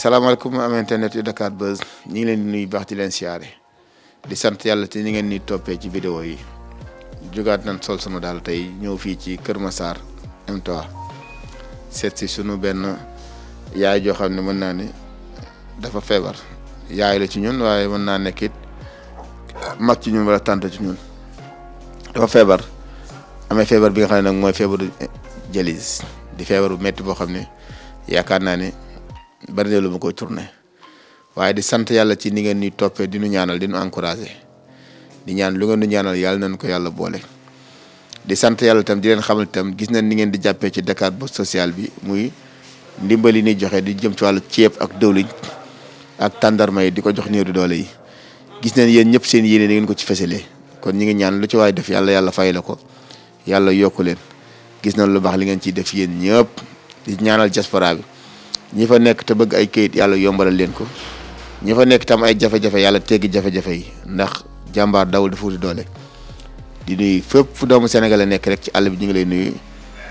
salaamaaleykum am internet yu Dakar Buzz ñu ngi leen di baax di leen siyaare di sant yàlla te ni ngeen ni toppee ci vidéo yi jógaat nañ sol sunu daal tey ñëw fii ci Kër Massar M3 seet si sunu benn yaay joo xam ne mën naa ni dafa feebar yaay la ci ñun waaye mën naa nekk it mag ci ñun wala tànt ci ñun dafa feebar amee feebar bi nga xam ne nag mooy feebaru dialyse di feebaru metti boo xam ne yaakaar naa ne. bari na lu ma koy tourné waaye di sant yàlla ci ni ngeen ñuy toppee di nu ñaanal di nu di ñaan lu ngeen nu ñaanal yàlla nañ ko yàlla boole. di sant yàlla itam di leen xamal itam gis nañ ni ngeen di jàppee ci Dakar Buzz sociale bi muy ndimbal yi joxe di jëm ci wàllu ceeb ak dëwlin ak tàndarma yi di ko jox néew di doole yi gis nañ yéen ñëpp seen yéene da ngeen ko ci fësalee kon ñi ngi ñaan lu ci waay def yàlla yàlla fay la ko yàlla yokku leen gis nañ lu baax li ngeen ciy def yéen ñëpp di ñaanal diaspora ñi fa nekk te bëgg ay kayit yàlla yombalal leen ko ñi fa nekk tam ay jafe-jafe yàlla teggi jafe-jafe yi ndax jàmbaar dawul dafa wuti doole di nuy fépp fu doomu Sénégal nekk rek ci àll bi ñu ngi lay nuyu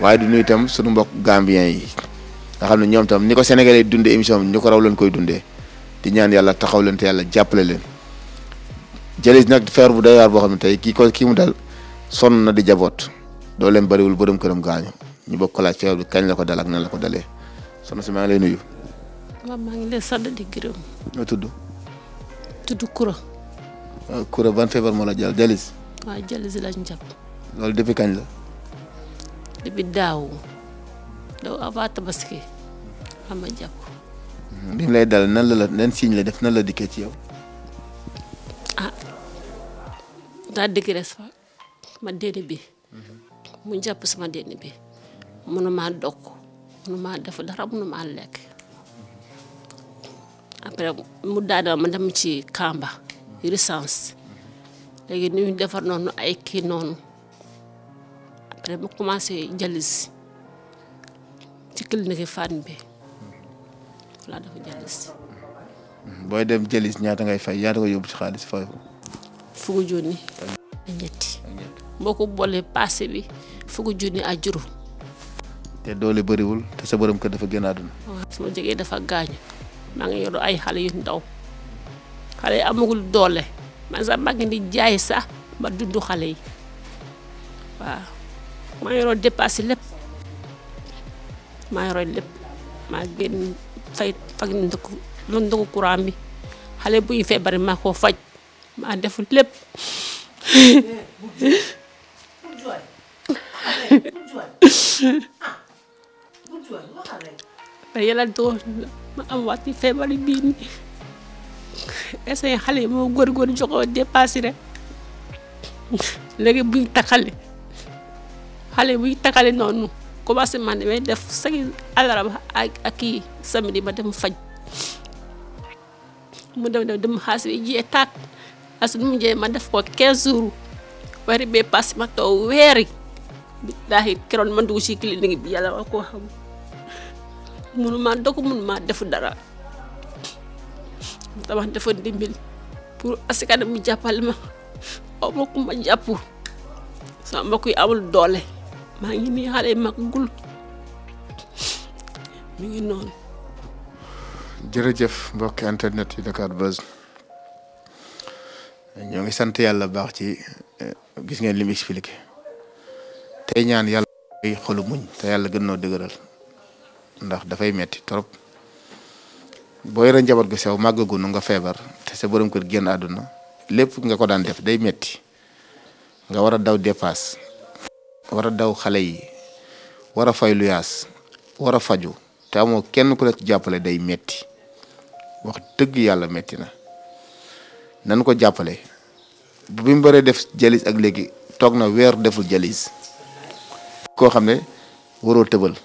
waaye di nuyu itam suñu mbokk Gambien yi nga xam ne ñoom tam ni ko Sénégalais dundee émission bi ñu ko raw leen koy dundee di ñaan yàlla taxaw leen te yàlla jàppale leen jëlis nag feer bu doy boo xam ne tey kii ko kii mu dal sonn na di jaboot doo leen boo borom këram gaañu ñu bokk ko laaj feer bi kañ la ko dal ak nan la ko dalee soxna si maa ngi lay nuyu. waaw maa ngi lay sant di gërëm. nga tudd. tudd Koura. waaw ah, Koura feebar moo la jàll jalis. waaw jalis lañ jàpp. loolu depuis kañ la. depuis daaw daaw avant tabaski ama jàpp. mu hmm, lay dal nan la la nan signe la def nan la dikkee ci yow. ah daa digres fa ma dénn bi hmm. mu jàpp sama dénn bi mënuma dokk mënuma def dara mënuma lekk après mu daaneel ma dem ci Kamba Renaissance léegi ni defar noonu ay kii noonu après mu commencé jalis ci clinique Fann bi laa dafa jalis booy dem jalis ñaata ngay fay ñaata koy yóbbu ci xaalis fay ko. fukki junni. ak ñetti. boo ko boolee bi fukki junni ak juróom. te doole bëriwul te sa borom kër dafa génn àdduna. sama jege dafa gaañu maa ngi yor ay xale yu ndaw xale yi amagul doole man sax maa ngi di jaay sax ba dundu xale yi waaw maa ngi yoroon lépp maa yoroon lépp maa génn fay fag ndëkku ndëkku courant bi xale bu ñu feebar maa koo faj maa def lépp. Ah. ba yàlla doon ma am waat ci feebar bii nii essayé xale yi moo góorgóorlu joxoo dépassé rek léegi buñ taxalee xale buñ taxalee noonu commencé man damay def sagi alaraba ak ak kii samedi ma faj mu dem dem dem xaas bi jiyee taat as mu jiyee ma def ko 15 jours wari bee passé ma taw weer yi billaahi ma dugg ci clinique bi yàlla wa koo xam. mënuma dogu mënuma def dara dama dafa dimbali pour askan mu jàppale ma aw ma jàpp sama mbokk yi amul doole maa ngi nii xale mag gul mi ngi noonu. jërëjëf mbokki internet yi Dakar Buzz ñoo ngi sant yàlla baax ci eh, gis ngeen li mu te ñaan yàlla xolu muñ te yàlla gën noo dëgëral. ndax dafay metti trop boo yore njaboot gu sew màggagunu nga feebar te sa borom kër génn àdduna lépp nga ko daan def day metti nga war a daw dépasse war a daw xale yi war a fay luyaas war a faju te amoo kenn ku la jàppale day metti wax dëgg yàlla metti na nan ko jàppale bi mu baree def jalis ak léegi toog na weer deful jalis koo xam ne waroo tëbal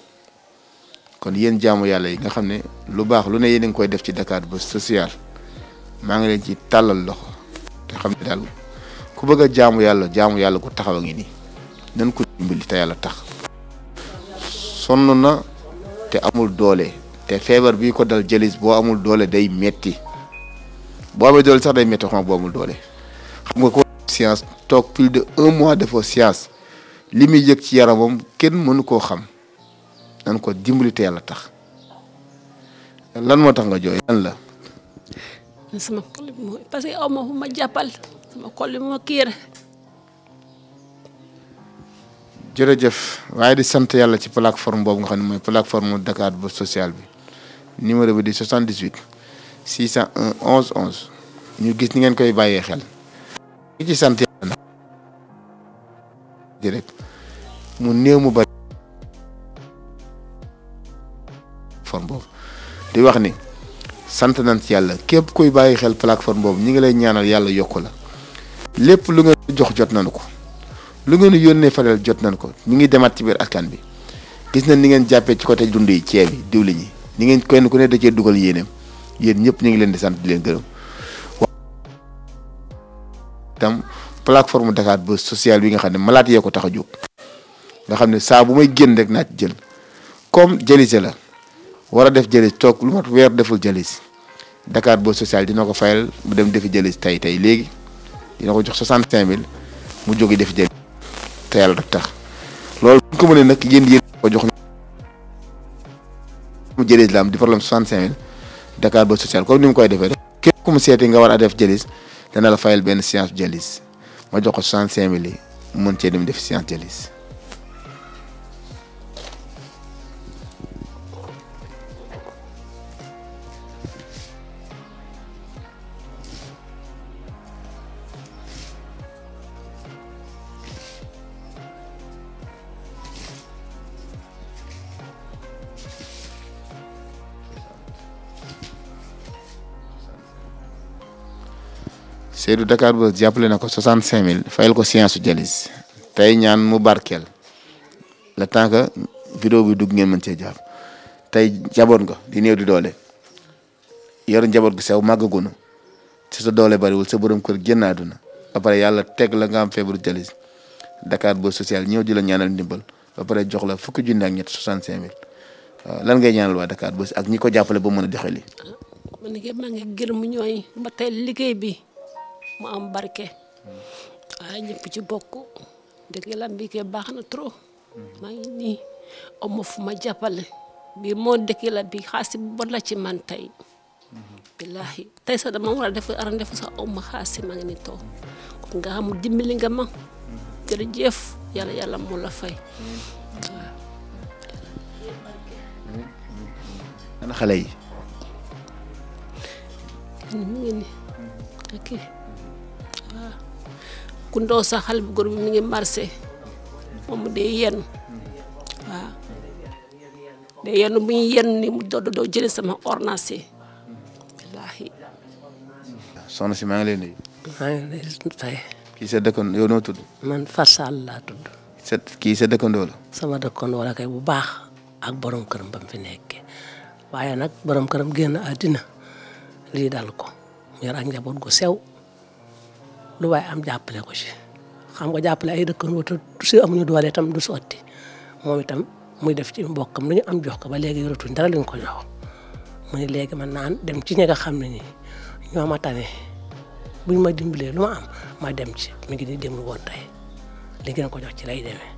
kon yéen jaamu yàlla yi nga xam ne lu baax lu ne yéen a koy def ci Dakar Buzz social maa ngi leen ci tàllal loxo te xam ne daal ku bëgg a jaamu yàlla jaamu yàlla ku taxaw ngi nii nan ko dimbali te yàlla tax sonn na te amul doole te feebar bi ko dal jëlis boo amul doole day metti boo amee doole sax day metti xam boo amul doole xam nga ko science toog plus de un mois defoo science li muy yëg ci yaramam kenn mënu koo xam nan ko dimbali te yàlla tax lan moo tax nga jooy lan la. sama xol bi mooy ma fu ma jàppal sama waaye di sant yàlla ci plateforme boobu nga xam ne mooy plateforme Dakar bu sociale bi numéro bi di 78 601 11 11 ñu gis ni ngeen koy bàyyee xel. mu néew mu bari. wax ni sant nañ ci yàlla képp kuy bàyyi xel plateforme boobu ñu ngi lay ñaanal yàlla yokku la lépp lu ngeen jox jot nañu ko lu ngeen yónnee fadal jot nañ ko mi ngi demaat ci biir askan bi gis nañ ni ngeen jàppee ci côté dund yi ceeb yi diwlin yi ñi ngeen kenn ku ne da cee dugal yéeneem yéen ñëpp ñu ngi leen di sant di leen gërëm. tam plateforme Dakar ba sociale bi nga xam ne malaat yee ko tax a jóg nga xam ne saa bu may génn rek naa ci jël comme Jalise la. war a def jëlis toog lu mat weer deful jëlis Dakar boo social dina ko fayal mu dem defi jëlis tey tey léegi dina ko jox 65000 mu jóge def jëlis te yàlla tax loolu bu ko mënee nag yéen yéen ko jox mu jëlis la am di problème 65000 Dakar boo social comme ni mu koy defee rek képp ku mu seeti nga war a def jëlis dana la fayal benn séance jëlis ma jox ko 65000 yi mën cee dem def séance jëlis. Seydou Dakar ba jàppale na ko 65000 fayal ko science jalis tey ñaan mu barkeel le temps que vidéo bi dugg ngeen mën cee jàpp tey jaboot nga di néew di doole yor njaboot gu sew màggagunu ci sa doole bariwul sa borom kër génn àdduna ba pare yàlla teg la nga am feebaru jalis Dakar ba social ñëw di la ñaanal ndimbal ba pare jox la fukki junni ak ñett 65000 waaw lan ngay ñaanal waa Dakar ba ak ñi ko jàppale ba mën a joxe lii. mu am barke waaye ñëpp ci bokk dëgg la Mbické baax na trop maa ngi nii amu fu ma jàppale bii moo dëkk la bi xaasi la ci man tey billaahi tey sax dama war a def aran def sax aw ma xaasi maa nga xam dimbali nga ma jërëjëf yàlla yàlla mu la ana xale yi ñu ngi ni ku ndaw sa xale bu góor bi mi ngi moom day yenn waaw day yenn bu ñu yenn ni mu dodo doo jëlee sama ordonnance yi wallaahi. soxna si maa ngi lay nuyu. kii sa dëkkandoo yow noo tudd. man Far sa kii dëkkandoo la. sama dëkkandoo bu baax ak borom këram ba mu fi nekkee waaye nag borom këram génn àddina lii daal ko mu yor ak njaboot gu sew. lu waay am jàppale ko ci xam nga jàppale ay dëkkandoo te su amuñu doole du sotti moom itam muy def ci mbokkam lu ñu am jox ko ba léegi yoratuñ dara luñ ko jox mu ne léegi man naan dem ci ñi xam ne nii ñoo ma tane buñ ma dimbalee lu ma am ma dem ci mi ngi nii demul woon tey ko jox ci lay demee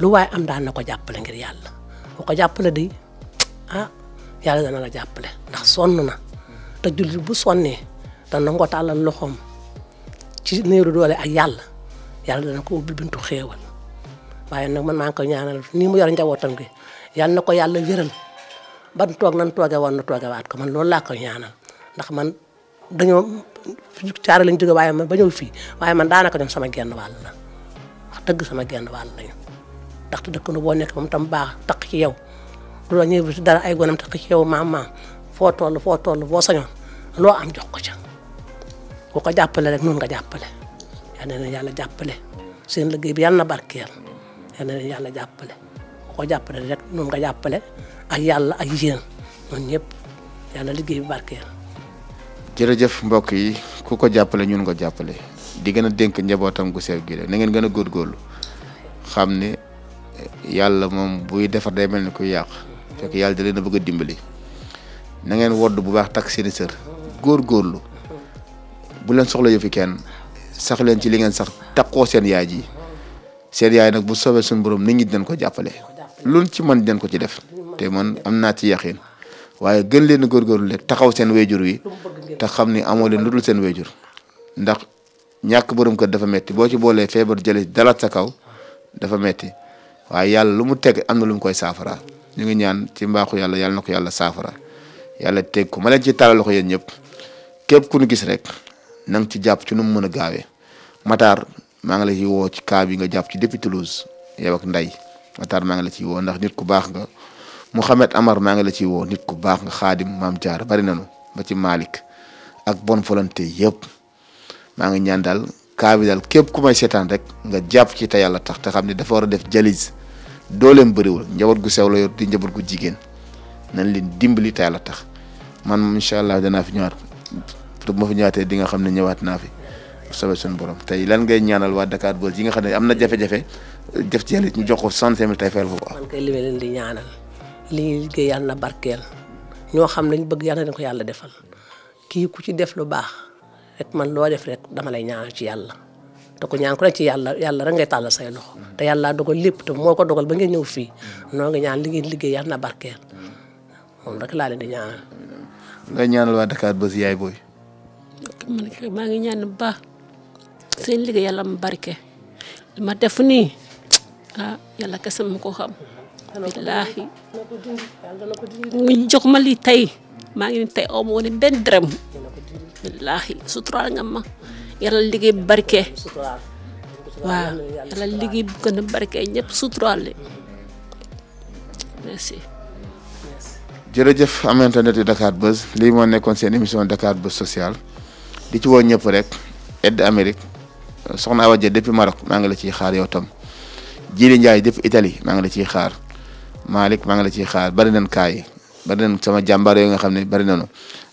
lu waaye am daan na ko jàppale ngir yàlla bu ko jàppale day ah yàlla dana la jàppale ndax sonn na te jullit bu sonnee dana nga ko tàllal loxoom. ci néeru doole ak yàlla yàlla dana ko ubbi buntu xéewal waaye nag man maa ngi koy ñaanal nii mu yor njabootam gi yàlla na ko yàlla wéral ban toog nan tooge woon na toogewaat ko man loolu laa koy ñaanal ndax man dañoo caare lañ jóge waaye man ba ñëw fii waaye man daanaka ñoom sama genn wàll la wax dëgg sama genn wàll lañu ndaxte dëkk nu boo nekk moom tam baax taq ci yow du la ñëw dara ay gonam taq ci yow maam maam foo toll foo toll boo sañoon loo am jox ko ca ku ko jàppale rek nun nga jàppale yal na leen yàlla jàppale seen liggéey bi yal na barkeel yal na leen yàlla jàppale ku ko jàppale rek nun nga jàppale ak yàlla ak yéen ñun ñëpp yal na jërëjëf mbokk yi ku ko jàppale ñun nga jàppale di gën a dénk njabootam gu sew gi rek na ngeen gën a góorlu xam ne yàlla moom buy defar day mel ni ku yàq fekk yàlla da leen a bëgg a dimbali na ngeen wodd bu baax takk seen i sër góorgóorlu. bu leen soxla yëfi kenn sax leen ci li ngeen sax takkoo seen yaay ji seen yaay nag bu soobee suñu borom nit ñi den ko jàppale loolu ci man dinañ ko ci def te man am naa ci yaqin waaye gën leen a góorgóorlu taxaw seen wéyjur wi te xam ni amoo leen lu dul seen wéyjur ndax ñàkk boroom kër dafa metti boo ci boolee feebar jële dalaat sa kaw dafa metti waaye yàlla lu mu teg am na lu mu koy saafara ñu ngi ñaan ci mbaaxu yàlla yàlla na ko yàlla saafara yàlla teg ko ma leen ci tàllal ko yéen ñëpp képp ku ñu gis rek. na nga ci jàpp ci nu mu mën a gaawee Matar maa ngi la woo ci cas bi nga jàpp ci depuis Toulouse yow ak maa ngi la ciy woo ndax nit ku baax nga Mouhamed Amar maa ngi la ciy woo nit ku baax nga xaadim maam jaar bari nañu ba ci Malick ak bonne volonté yëpp maa ngi ñaan daal kaabi bi daal képp ku may seetaan rek nga jàpp ci te yàlla tax te xam ne dafa war a def jalis dooleem bëriwul njaboot gu sew la yor di njaboot gu jigéen nañ leen dimbali te yàlla tax man incha allah danaa fi ñëwaat. te bu ma fi ñëwaatee di nga xam ne ñëwaat naa fi soobee suñu borom tey lan ngay ñaanal waa Dakar Buzz yi nga xam ne am na jafe-jafe def ci yàlla ñu jox ko cent cinq mille tey fayal ko quoi. man leen di ñaanal li ñuy liggéey yàlla na ñoo xam lañ bëgg yàlla na ko yàlla defal kii ku ci def lu baax rek man loo def rek dama lay ñaanal ci yàlla te ko ñaan ko rek ci yàlla yàlla rek ngay tàllal say loxo te yàlla dogal lépp te moo ko dogal ba ngeen ñëw fii noo ngi ñaan li ngeen liggéey yàlla na barkeel moom rek laa leen di ñaanal. nga ñaanal waa Dakar yaay boy maa ngi ñaan bu baax seen liggéey yàlla mu barke li ma def nii ah kese ma ko xam. billaahi mu jox ma lii tey maa ngi nii tey aw ma woon benn dërëm billaahi suturaal nga ma yàlla liggéey bu barke. waaw yàlla liggéey bu gën a barke ñëpp suturaal merci. jërëjëf am internet yu Dakar Buzz lii moo nekkoon seen émission Dakar Buzz sociale di ci woo ñëpp rek aide Amérique soxna Awa Dia depuis maa ngi la ciy xaar yow tam Jili Ndiaye depuis Italie maa ngi la ciy xaar Malick maa ngi la ciy xaar bari nañ kaay bari nañ sama jàmbaar yooyu nga xam ne bari nañu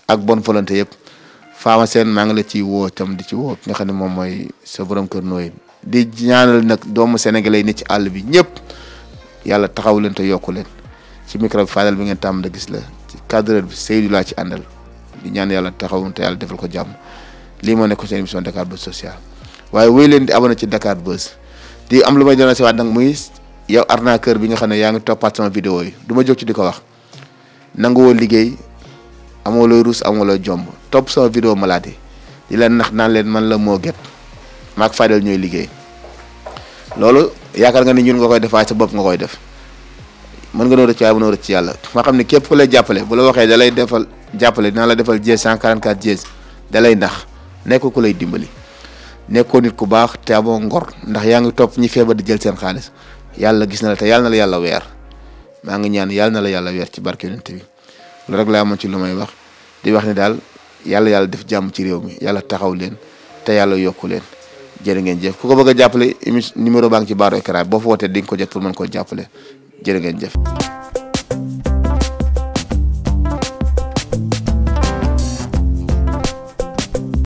ak bon volonté yëpp Fama Sène maa ngi la ciy woo tam di ci woo ki nga xam ne moom mooy sa borom kër nooy di ñaanal nag doomu sénégalais yi ci àll bi ñëpp yàlla taxaw leen te yokku leen ci micro bi Fadel bi ngeen tàmm na gis la ci cadre bi Seydou laa ci àndal di ñaan yàlla taxaw te yàlla defal ko jàmm lii moo nekkoon seen émission Dakar Buzz social waaye wéy leen di abonné ci Dakar Buzz di am lu may doon si waat nag muy yow kër bi nga xam ne yaa ngi toppaat sama vidéo yi du ma jóg ci di ko wax nanguwoo liggéey amoo looy ruus amoo looy jomb topp sama vidéo malade di leen nax naan leen man la moo gét maak Fadel ñooy liggéey loolu yaakaar nga ni ñun nga koy def waaye sa bopp nga koy def mën nga noo rëcc waaye mënoo rëcc ci yàlla ma xam ne képp ku lay jàppale bu la waxee da lay defal jàppale dinaa la defal Diez 144 Diez da lay ndax nekk ko lay dimbali nekkoo nit ku baax te amoo ngor ndax yaa ngi topp ñi feebar di jël seen xaalis yàlla gis na la te yàlla na la yàlla weer maa ngi ñaan yàlla na la yàlla weer ci barke yonent bi rek laa amoon ci lu may wax di wax ne daal yàlla yàlla def jàmm ci réew mi yàlla taxaw leen te yàlla yokku leen jërë ngeen jëf ku ko bëgg a jàppale émission numéro baa ngi ci baaru écran boo fa wootee di ko jot pour koo jàppale jërë ngeen jëf